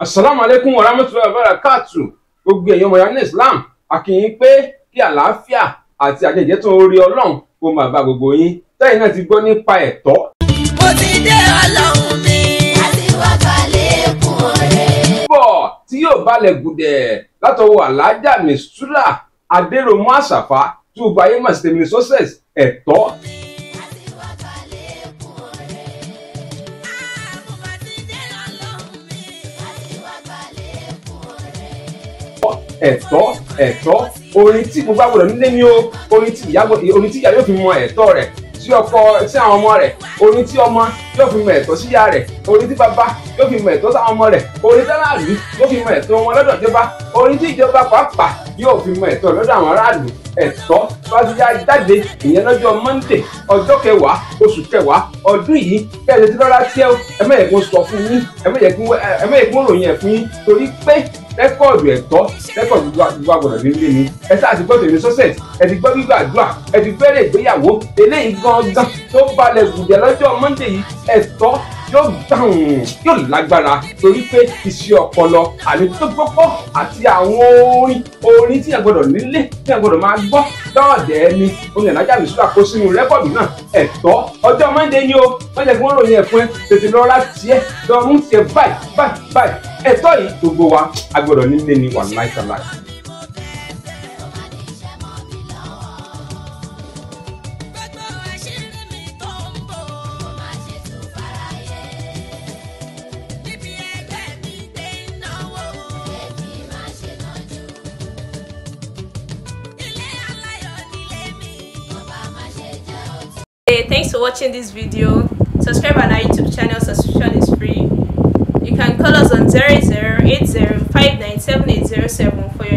asalaamu aleykum wa rahmatulahi wa barakatu gbogbo èèyàn mọ̀yá ní islam àkìyìn pé kí àlàáfíà àti àjẹjẹ́ tó rí ọlọ́run kó máa bá gbogbo yín tẹ́yìn náà ti gbọ́ nípa ẹ̀tọ́. mo ti dé ọlọ́run mi láti wá balẹ̀ kún rẹ̀. bọ̀ tí yóò balẹ̀ gùdẹ̀ látọwọ́ alájà mistura adéròmọ́ àṣàfà tí gba ayé màsítẹ́mi success ẹ̀tọ́ ẹ̀tọ́ ẹ̀tọ́ orin tí gbogbo àgbọ̀dọ̀ nílé ni ó orin tí ìyá orin tí ìyá yóò fi mọ ẹ̀tọ́ rẹ̀ sí ọkọ sí àwọn ọmọ rẹ̀ orin tí ọmọ yóò fi mọ ẹ̀tọ́ sí rẹ̀ orin tí bàbá yóò fi mọ ẹ̀tọ́ sáwọn ọmọ rẹ̀ orin tí aráàlú yóò fi mọ ẹ̀tọ́ wọn lọ́dọ̀ ìjọba orin tí ìjọba pàápàá yóò fi mọ ẹ̀tọ́ lọ́dọ̀ àwọn aráàlú ẹ̀tọ́ fásitì jáde ìyẹn lọ́jọ́ Monday ọjọ́ kẹwàá oṣù kẹwàá ọdún yìí kẹ́ẹ̀dẹ́tì lọ́ra tí ẹ rẹ́kọ̀dù ẹ̀tọ́ rẹ́kọ̀dù gbogbo agbọ̀dọ̀ ní ilé mi ẹ sáà ti gbọ́ tèmi success ẹ ti gbọ́ gbígbàdúrà ẹ ti bẹ̀rẹ̀ ìgbéyàwó eléyìí gangan tó balẹ̀ gùdẹ̀ lọ́jọ́ Monday yìí ẹ̀tọ́ yóò dáhùn yóò lágbára torí pé iṣẹ́ ọpọlọ àlejò gbọ́pọ́ àti àwọn orin orin tí a gbọ́dọ̀ nílé tí a gbọ́dọ̀ máa gbọ́ lọ́ọ̀dẹ̀ ẹni orin àlájà mi sùúrù àkó sínú rẹ́kọ̀dù náà ẹ̀tọ́ ọjọ́ mọ́ndé ni o wọ́n jẹ́ kí wọ́n ròyìn ẹ̀fún ẹ tètè lọ́ra tiẹ̀ lọ́rùn tiẹ̀ báyìí báyìí báyìí ẹ̀tọ́ yìí gbogbo wa a gbọ́dọ̀ nílé ni wà láìka láì. Hey, thanks for watching this video. Subscribe on our YouTube channel. Zero zero eight zero five nine seven eight zero seven four. for